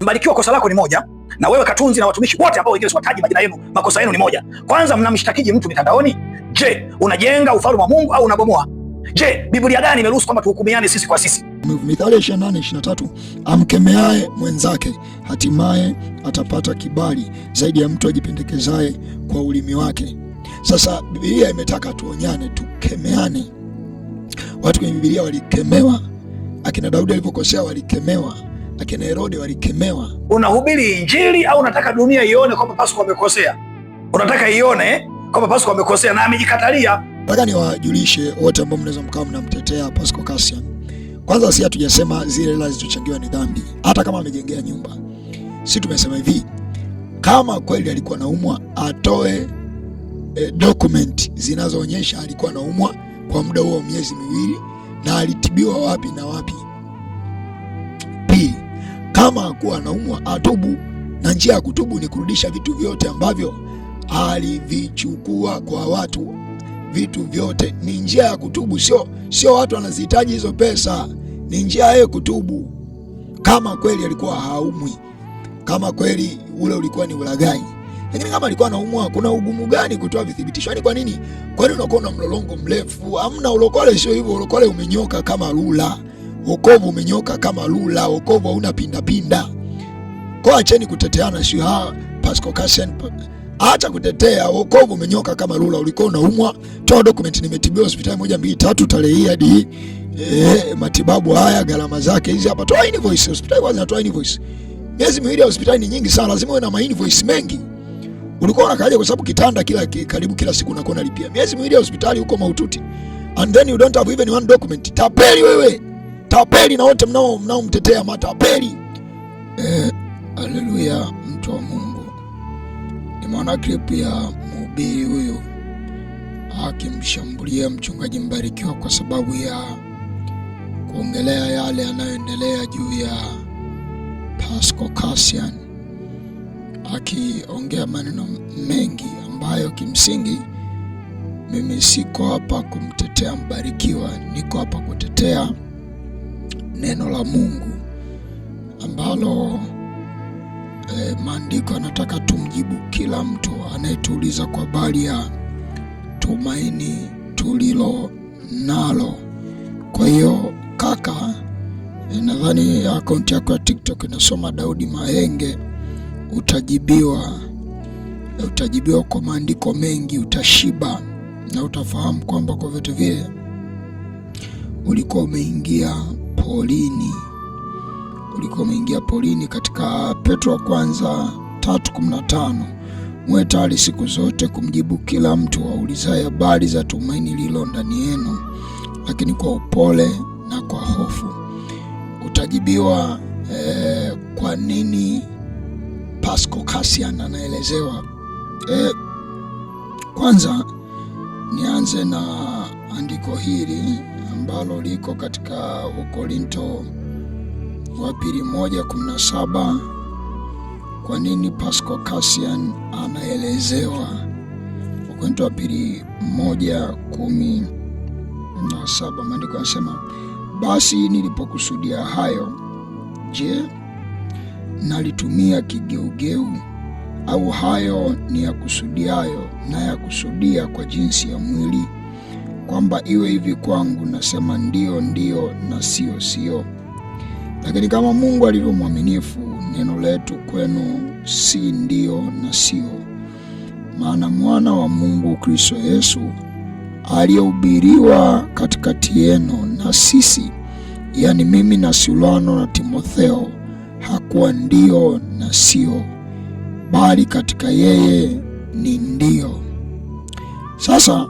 Mbarikiwa, kosa lako ni moja, na wewe Katunzi na watumishi wote ambao wengine siwataji majina yenu, makosa yenu ni moja. Kwanza, mnamshtakiji mtu mitandaoni? Je, unajenga ufalme wa Mungu au unabomoa? Je, Biblia gani imeruhusu kwamba tuhukumiane sisi kwa sisi? Mithali 28:23, amkemeaye mwenzake hatimaye atapata kibali zaidi ya mtu ajipendekezaye kwa ulimi wake. Sasa Biblia imetaka tuonyane, tukemeane. Watu kwenye Biblia walikemewa, akina Daudi alipokosea walikemewa akina Herode walikemewa. Unahubiri Injili au unataka dunia ione kwamba Pasco wamekosea? Unataka ione kwamba Pasco wamekosea na amejikatalia. Nataka niwajulishe wote ambao mnaweza mkawa mnamtetea Pasco Cassian, kwanza si hatujasema zile hela zilizochangiwa ni dhambi, hata kama amejengea nyumba. Si tumesema hivi, kama kweli alikuwa naumwa atoe e, document zinazoonyesha alikuwa naumwa kwa muda huo miezi miwili na alitibiwa wapi na wapi kama hakuwa anaumwa atubu, na njia ya kutubu ni kurudisha vitu vyote ambavyo alivichukua kwa watu. Vitu vyote ni njia ya kutubu, sio sio watu wanazihitaji hizo pesa, ni njia yeye kutubu. Kama kweli alikuwa haumwi, kama kweli ule ulikuwa ni ulagai. lakini kama alikuwa anaumwa, kuna ugumu gani kutoa vithibitisho? Yani kwa nini, kwani unakuwa na mlolongo mrefu? Amna, ulokole sio hivyo. Ulokole umenyoka kama rula. Wokovu umenyoka kama lula, wokovu hauna pinda pinda. Kwa acheni kuteteana, sio ha Pasco Kasen, acha kutetea. Wokovu umenyoka kama lula. Ulikuwa unaumwa, toa document, nimetibiwa hospitali moja mbili tatu, tarehe hii hadi eh, matibabu haya gharama zake hizi hapa. Toa invoice hospitali kwanza, toa invoice. Miezi miwili ya hospitali ni nyingi sana, lazima uwe na invoice mengi. Ulikuwa unakaja kwa sababu kitanda kila karibu kila siku unakuwa unalipia. Miezi miwili ya hospitali huko mahututi, and then you don't have even one document. Tapeli wewe. Tapeli na wote mnao mnaomtetea matapeli. Eh, haleluya, mtu wa Mungu. Ni maana clip ya mhubiri huyu akimshambulia mchungaji Mbarikiwa kwa sababu ya kuongelea yale yanayoendelea juu ya Pasco Cassian, akiongea maneno mengi ambayo kimsingi mimi siko hapa kumtetea Mbarikiwa, niko hapa kutetea neno la Mungu ambalo e, maandiko anataka tumjibu kila mtu anayetuuliza kwa habari ya tumaini tulilo nalo. Kwa hiyo kaka, eh, nadhani akaunti yako ya TikTok inasoma Daudi Mahenge, utajibiwa eh, utajibiwa kwa maandiko mengi, utashiba na utafahamu kwamba kwa vyote vile ulikuwa umeingia polini, ulikuwa umeingia polini, katika Petro wa kwanza 3:15 mwe tayari siku zote kumjibu kila mtu aulizaye habari za tumaini lilo ndani yenu, lakini kwa upole na kwa hofu. Utajibiwa eh, kwa nini Pasco Cassian anaelezewa eh, kwanza nianze na andiko hili ambalo liko katika ukorinto wa pili moja kumi na saba. Kwa nini Pasco Cassian anaelezewa? ukorinto wa pili moja kumi na saba, maandiko yanasema basi nilipokusudia hayo, je, nalitumia kigeugeu? Au hayo ni ya kusudiayo na ya kusudia kwa jinsi ya mwili? kwamba iwe hivi kwangu, nasema ndio ndio na sio sio. Lakini kama Mungu alivyo mwaminifu, neno letu kwenu si ndio na sio. Maana mwana wa Mungu Kristo Yesu aliyehubiriwa katikati yenu na sisi, yaani mimi na Silwano na Timotheo, hakuwa ndio na sio, bali katika yeye ni ndio Sasa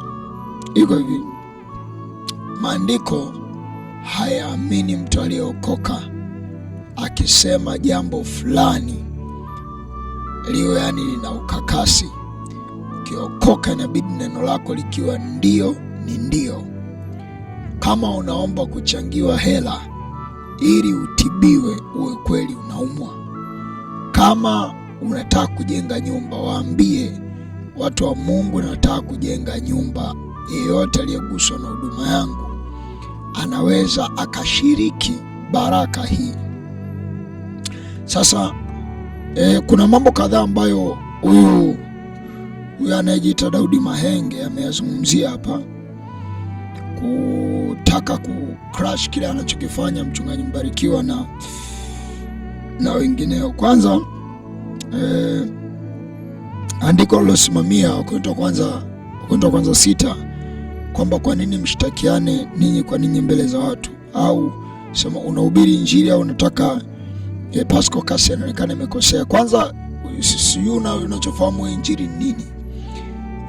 iko hivi, maandiko hayaamini mtu aliyeokoka akisema jambo fulani liwe, yani lina ukakasi. Ukiokoka inabidi neno lako likiwa ndio ni ndio. Kama unaomba kuchangiwa hela ili utibiwe, uwe kweli unaumwa. Kama unataka kujenga nyumba, waambie watu wa Mungu, nataka kujenga nyumba yeyote aliyeguswa na huduma yangu anaweza akashiriki baraka hii. Sasa e, kuna mambo kadhaa ambayo huyu huyu anayejiita Daudi Mahenge ameyazungumzia hapa, kutaka ku crash kile anachokifanya mchungaji Mbarikiwa na na wengineo. Kwanza e, andiko alilosimamia Wakorintho kwanza Wakorintho kwanza sita kwamba kwa nini mshtakiane ninyi kwa ninyi mbele za watu, au sema unahubiri injili au unataka e, Pasco kasi anaonekana imekosea. Kwanza sijui unachofahamu injili ni nini?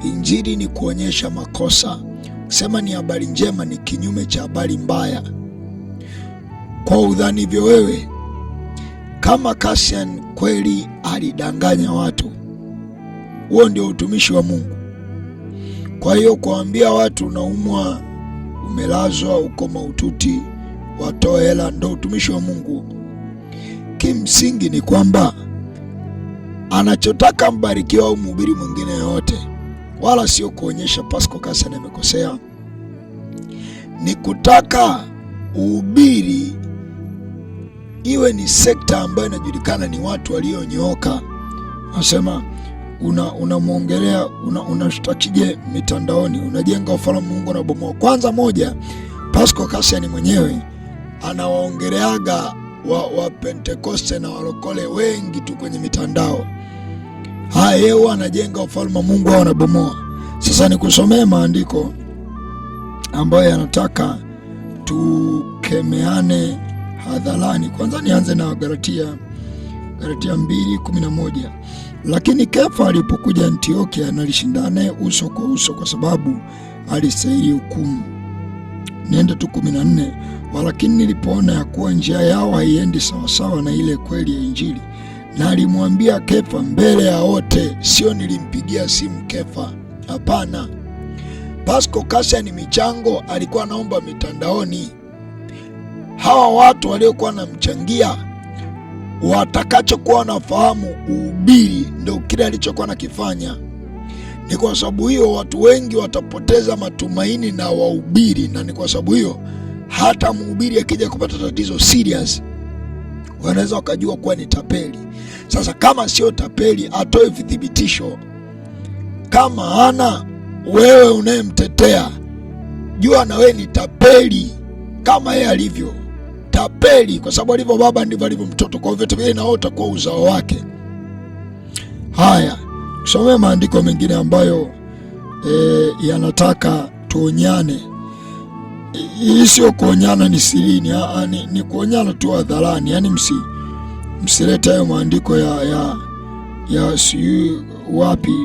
Injili ni kuonyesha makosa. Sema ni habari njema ni kinyume cha habari mbaya. Kwa udhani hivyo wewe, kama Cassian kweli alidanganya watu, huo ndio utumishi wa Mungu. Kwa hiyo kuambia watu unaumwa, umelazwa, uko maututi, watoe hela, ndo utumishi wa Mungu. Kimsingi ni kwamba anachotaka mbarikiwa au mhubiri mwingine yoyote, wala sio kuonyesha Pasco Kasane amekosea, ni kutaka uhubiri iwe ni sekta ambayo inajulikana, ni watu walionyooka, nasema unamwongelea una unashtakije una mitandaoni, unajenga ufalme Mungu anabomoa. Kwanza moja, Pasco Cassian mwenyewe anawaongeleaga wa, wa Pentekoste na walokole wengi tu kwenye mitandao. Haya, yeye huwa anajenga ufalme Mungu au anabomoa. Sasa nikusomee maandiko ambayo yanataka tukemeane hadharani. Kwanza nianze na Galatia Galatia moja. Lakini Kefa alipokuja Antiokia, nalishindana uso kwa uso, kwa sababu alistahili hukumu. Niende tu kumi na nne. Walakini nilipoona ya kuwa njia yao haiendi sawasawa na ile kweli ya Injili, na alimwambia Kefa mbele ya wote, sio nilimpigia simu Kefa, hapana. Pasco Kasia ni michango alikuwa anaomba mitandaoni. Hawa watu waliokuwa wanamchangia watakachokuwa wanafahamu uhubiri ndio kile alichokuwa nakifanya. Ni kwa sababu hiyo watu wengi watapoteza matumaini na wahubiri, na ni kwa sababu hiyo hata mhubiri akija kupata tatizo serious wanaweza wakajua kuwa ni tapeli. Sasa kama sio tapeli, atoe vithibitisho. Kama hana, wewe unayemtetea jua na wewe ni tapeli kama yeye alivyo tapeli, kwa sababu alivyo baba ndivyo alivyo mtoto, kwa hivyo tabia inaota kwa uzao wake. Haya, tusome maandiko mengine ambayo e, yanataka tuonyane. Hii sio kuonyana ni sirini, ni, ni kuonyana tu hadharani, yaani msi msilete hayo maandiko ya, ya, ya siu wapi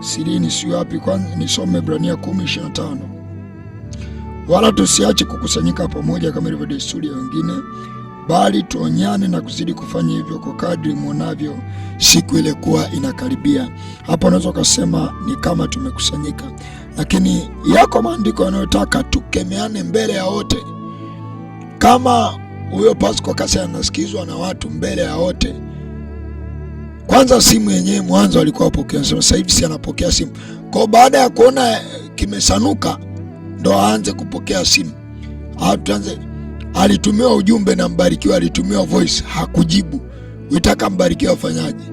sirini siu wapi. Kwanza nisome Ibrania 10:25 wala tusiache kukusanyika pamoja kama ilivyo desturi ya wengine, bali tuonyane na kuzidi kufanya hivyo kwa kadri mwonavyo siku ile kuwa inakaribia. Hapa unaweza ukasema ni kama tumekusanyika, lakini yako maandiko yanayotaka tukemeane mbele ya wote, kama huyo Pasco kasi anasikizwa na watu mbele ya wote. Kwanza simu yenyewe mwanzo alikuwa apokea, sasa hivi si anapokea simu kwao, baada ya kuona kimesanuka ndo aanze kupokea simu. atuanze. alitumiwa ujumbe na Mbarikiwa, alitumiwa voice hakujibu. Uitaka Mbarikiwa afanyaje?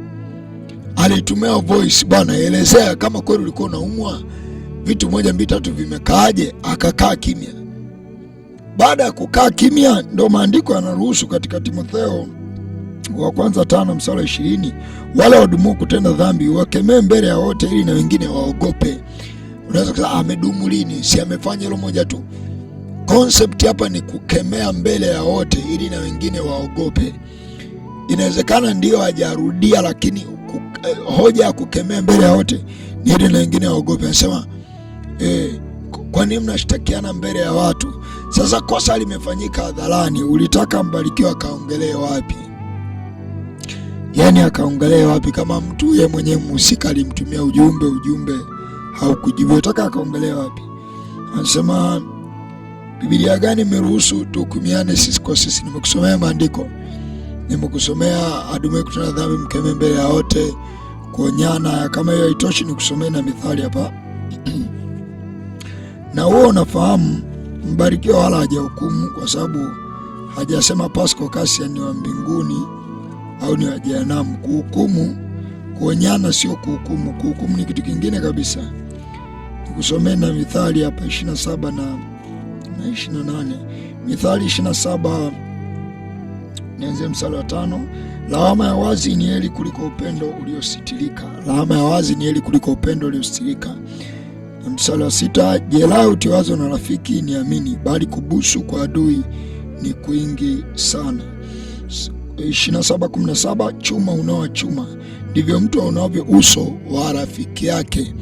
Alitumiwa voice bwana, elezea kama kweli ulikuwa unaumwa, vitu moja mbili tatu vimekaaje? Akakaa kimya. Baada ya kukaa kimya, ndo maandiko yanaruhusu katika Timotheo wa kwanza tano mstari ishirini wala wadumu kutenda dhambi wakemee mbele ya wote, ili na wengine waogope. Unaweza kusema ah, amedumu lini? Si amefanya hilo moja tu. Concept hapa ni kukemea mbele ya wote, ili na wengine waogope. Inawezekana ndio hajarudia, lakini kuk, eh, hoja ya kukemea mbele ya wote ni ili na wengine waogope. Anasema eh, kwa nini mnashtakiana mbele ya watu? Sasa kosa limefanyika hadharani, ulitaka Mbarikiwa akaongelee wapi? Yaani akaongelee wapi, kama mtu yeye mwenyewe mhusika alimtumia ujumbe ujumbe haukujibu. Nataka akaongelea wapi? Anasema Biblia gani imeruhusu tuhukumiane sisi kwa sisi? Nimekusomea maandiko, nimekusomea adume kutana dhambi, mkeme mbele ya wote, kuonyana. Kama hiyo haitoshi, nikusomee na mithali hapa na huo unafahamu, mbarikiwa wala hajahukumu, kwa sababu hajasema Paschal Casia ni wa mbinguni au ni wa jehanamu. Kuhukumu, kuonyana sio kuhukumu. Kuhukumu ni kitu kingine kabisa na Mithali hapa 27 na, na 28. Mithali 27 nianze mstari wa tano. Lawama ya wazi ni heri kuliko upendo uliositirika. Lawama ya wazi ni heri kuliko upendo uliositirika. Mstari wa sita. Jeraha utiwazo na rafiki ni amini, bali kubusu kwa adui ni kwingi sana. 27:17 Chuma unaoa chuma, ndivyo mtu aunavyo uso wa rafiki yake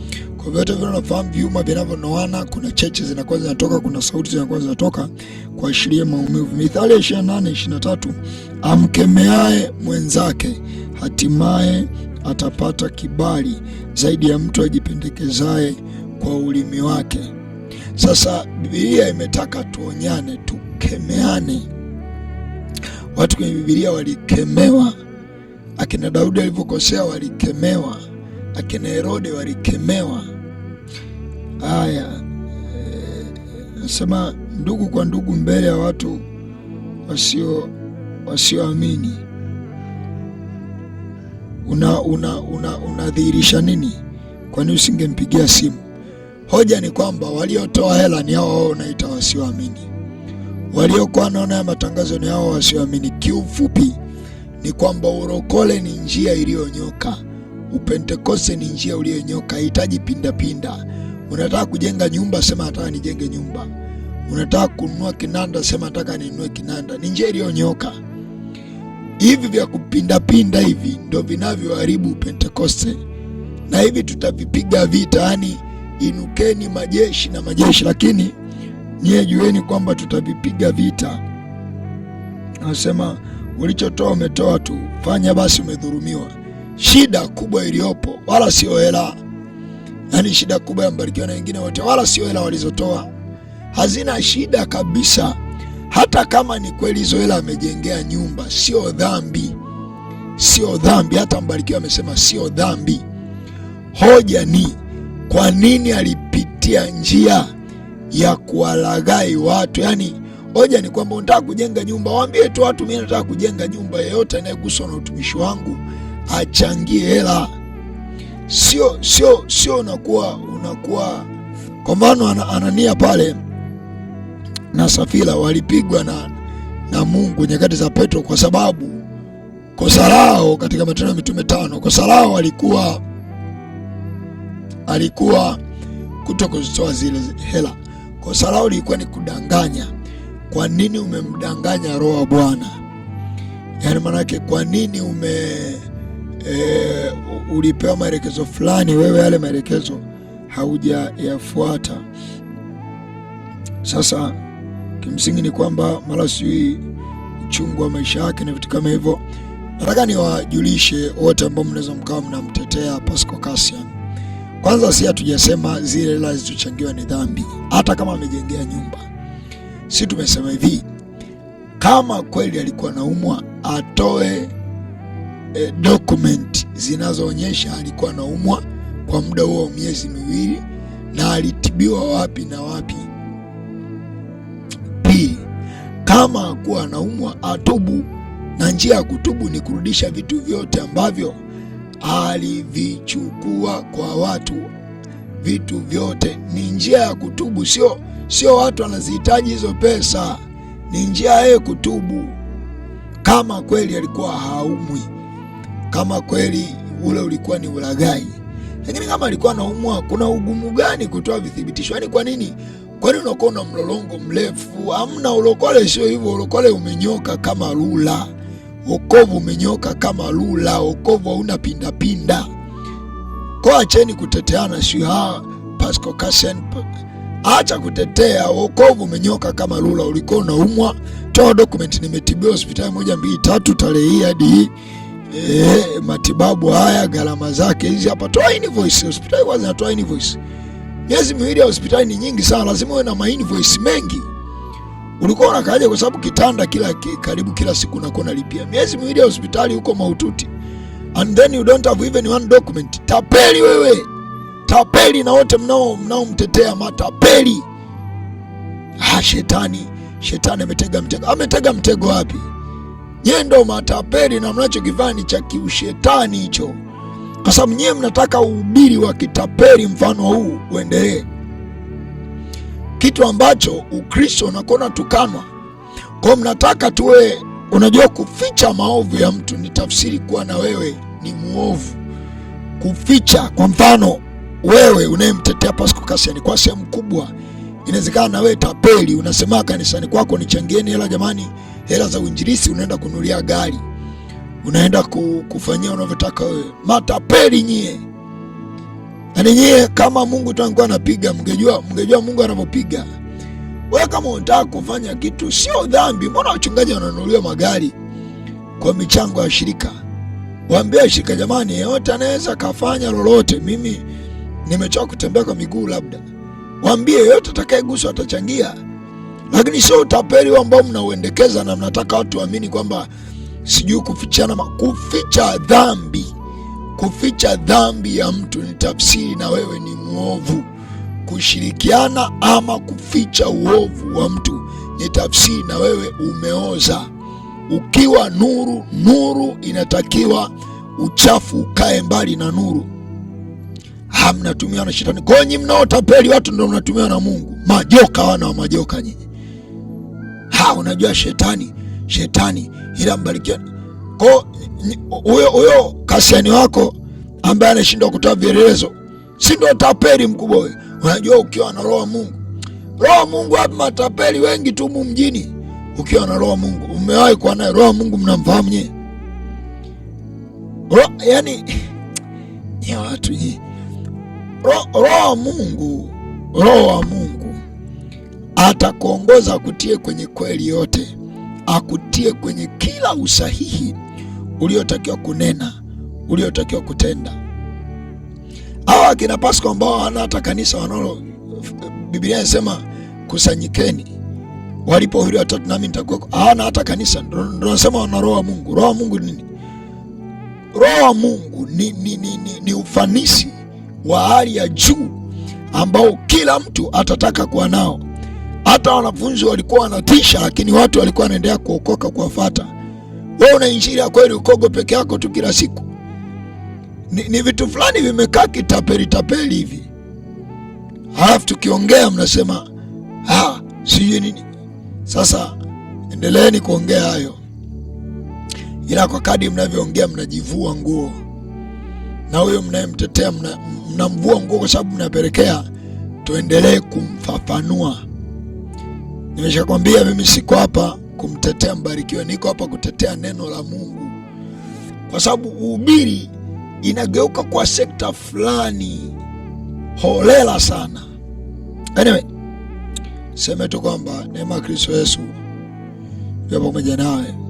vyote vile unafahamu vyuma vinavyonoana, kuna cheche zinakuwa zinatoka, kuna sauti zinakuwa zinatoka kuashiria maumivu. Mithali ya na tatu amkemeaye mwenzake hatimaye atapata kibali zaidi ya mtu ajipendekezaye kwa ulimi wake. Sasa Biblia imetaka tuonyane, tukemeane. Watu kwenye Biblia walikemewa. Akina Daudi alivyokosea walikemewa, akina Herode walikemewa haya eh, nasema ndugu kwa ndugu mbele ya watu wasio wasioamini unadhihirisha una, una, unadhihirisha nini? Kwani usingempigia simu? Hoja ni kwamba waliotoa hela ni hao wao unaita wasioamini, waliokuwa naona ya matangazo ni hao wasioamini. Kiufupi ni kwamba urokole ni njia iliyonyoka, upentekoste ni njia uliyonyoka, hahitaji pindapinda. Unataka kujenga nyumba, sema nataka nijenge nyumba. Unataka kununua kinanda, sema nataka ninunue kinanda. Ni njia iliyonyoka. Hivi vya kupindapinda hivi ndo vinavyoharibu Pentekoste, na hivi tutavipiga vita, yaani inukeni majeshi na majeshi, lakini nyie jueni kwamba tutavipiga vita. Anasema ulichotoa umetoa tu, fanya basi, umedhurumiwa. Shida kubwa iliyopo wala sio hela na ni shida kubwa ya Mbarikiwa na wengine wote, wala sio hela walizotoa, hazina shida kabisa. Hata kama ni kweli hizo hela amejengea nyumba, sio dhambi, sio dhambi. Hata Mbarikiwa amesema sio dhambi. Hoja ni kwa nini alipitia njia ya kuwalaghai watu? Yaani hoja ni kwamba unataka kujenga nyumba, waambie tu watu, mimi nataka kujenga nyumba, yeyote anayeguswa na utumishi wangu achangie hela sio sio sio, unakuwa unakuwa kwa mfano Anania pale na Safira walipigwa na, na Mungu nyakati za Petro kwa sababu kosa lao katika Matendo ya Mitume tano, kosa lao alikuwa alikuwa kuto kuzitoa zile hela. Kosa lao lilikuwa ni kudanganya. Kwa nini umemdanganya Roho wa Bwana? Yaani maanake kwa nini ume e, ulipewa maelekezo fulani, wewe yale maelekezo haujayafuata. Sasa kimsingi ni kwamba mara sijui uchungu wa maisha yake na vitu kama hivyo. Nataka niwajulishe wote ambao mnaweza mkawa mnamtetea Pasco Cassian, kwanza, si hatujasema zile hela zilizochangiwa ni dhambi, hata kama amejengea nyumba. Si tumesema hivi, kama kweli alikuwa naumwa atoe e, document zinazoonyesha alikuwa anaumwa kwa muda huo wa miezi miwili na alitibiwa wapi na wapi. P, kama hakuwa anaumwa atubu, na njia ya kutubu ni kurudisha vitu vyote ambavyo alivichukua kwa watu. Vitu vyote ni njia ya kutubu, sio sio watu anazihitaji hizo pesa, ni njia yeye kutubu, kama kweli alikuwa haumwi kama kweli ule ulikuwa ni ulaghai. Lakini kama alikuwa anaumwa, kuna ugumu gani kutoa vithibitisho? Yaani kwa nini kwani unakuwa na mlolongo mrefu? Amna, ulokole sio hivyo. Ulokole umenyoka kama lula, wokovu umenyoka kama lula, wokovu hauna pindapinda. Kwa acheni kuteteana, sio siha Pasco Kasen, acha kutetea. Wokovu umenyoka kama lula, ulikuwa unaumwa, toa dokumenti, nimetibiwa hospitali moja mbili tatu, tarehe hii hadi hii eh, matibabu haya gharama zake hizi hapa, toa invoice hospitali kwanza, zinatoa invoice. Miezi miwili ya hospitali ni nyingi sana, lazima uwe na ma invoice mengi. Ulikuwa unakaaje? Kwa sababu kitanda kila karibu kila siku unakuwa unalipia. Miezi miwili ya hospitali huko mahututi, and then you don't have even one document. Tapeli wewe, tapeli na wote mnao mnaomtetea matapeli. Ah, shetani, shetani ametega mtego. Ametega mtego wapi? Nyie ndo matapeli na mnachokivaa ni cha kiushetani hicho, kwa sababu nyie mnataka uhubiri wa kitapeli mfano huu uendelee, kitu ambacho Ukristo unakona tukanwa kwao. Mnataka tuwe, unajua kuficha maovu ya mtu ni tafsiri kuwa na wewe ni mwovu. Kuficha kwa mfano, wewe unayemtetea Pasko Kasiani kwa sehemu kubwa Inawezekana na wewe tapeli, unasema kanisani kwako nichangieni hela jamani, hela za uinjilisi, unaenda kunulia gari, unaenda kufanyia unavyotaka wewe. Matapeli nyie! Yaani nyie kama Mungu tangu anapiga, mngejua mngejua Mungu anavyopiga. Wewe kama unataka kufanya kitu sio dhambi, mbona wachungaji wananunuliwa magari kwa michango ya shirika? Waambie shirika, jamani, yeyote anaweza kafanya lolote. Mimi nimechoka kutembea kwa miguu labda Waambie yeyote atakayeguswa atachangia, lakini sio utapeli ambao mnauendekeza na mnataka watu waamini kwamba sijui kufichana, kuficha dhambi. Kuficha dhambi ya mtu ni tafsiri na wewe ni mwovu. Kushirikiana ama kuficha uovu wa mtu ni tafsiri na wewe umeoza. Ukiwa nuru, nuru inatakiwa uchafu ukae mbali na nuru hamnatumiwa na shetani. Kwa nyinyi mnaotapeli watu ndio mnatumiwa na Mungu. Majoka, wana wa majoka nyinyi. Ha, unajua shetani, shetani ila mbarikiwa. Kwa huyo huyo kasiani wako ambaye anashindwa kutoa vielelezo, si ndio tapeli mkubwa wewe? Unajua ukiwa na roho Mungu, roho Mungu hapa matapeli wengi tu humu mjini. Ukiwa na roho Mungu, umewahi kuwa naye roho Mungu, mnamfahamu nyinyi? Yaani ni watu nyinyi roho wa Mungu, roho wa Mungu atakuongoza akutie kwenye kweli yote, akutie kwenye kila usahihi uliotakiwa kunena, uliotakiwa kutenda. Hawa akina Pasco ambao hawana hata kanisa wanalo, Biblia inasema kusanyikeni, walipo wawili watatu nami nitakuwa Hawana hata kanisa, ndio nasema wana roho wa Mungu. Roho wa Mungu nini? Roho wa Mungu ni, ni, ni, ni, ni ufanisi wa hali ya juu ambao kila mtu atataka kuwa nao. Hata wanafunzi walikuwa wanatisha, lakini watu walikuwa wanaendelea kuokoka kuwafata. Wewe una injili ya kweli, ukogo peke yako tu kila siku. Ni, ni vitu fulani vimekaa kitapelitapeli hivi, halafu tukiongea mnasema sijui nini. Sasa endeleeni kuongea hayo, ila kwa kadi mnavyoongea mnajivua nguo na huyo mnayemtetea mnamvua nguo, kwa sababu mnapelekea tuendelee kumfafanua. Nimeshakwambia mimi siko hapa kumtetea Mbarikiwa, niko hapa kutetea neno la Mungu, kwa sababu uhubiri inageuka kwa sekta fulani holela sana. Anyway, seme tu kwamba neema ya Kristo Yesu vyo pamoja nawe.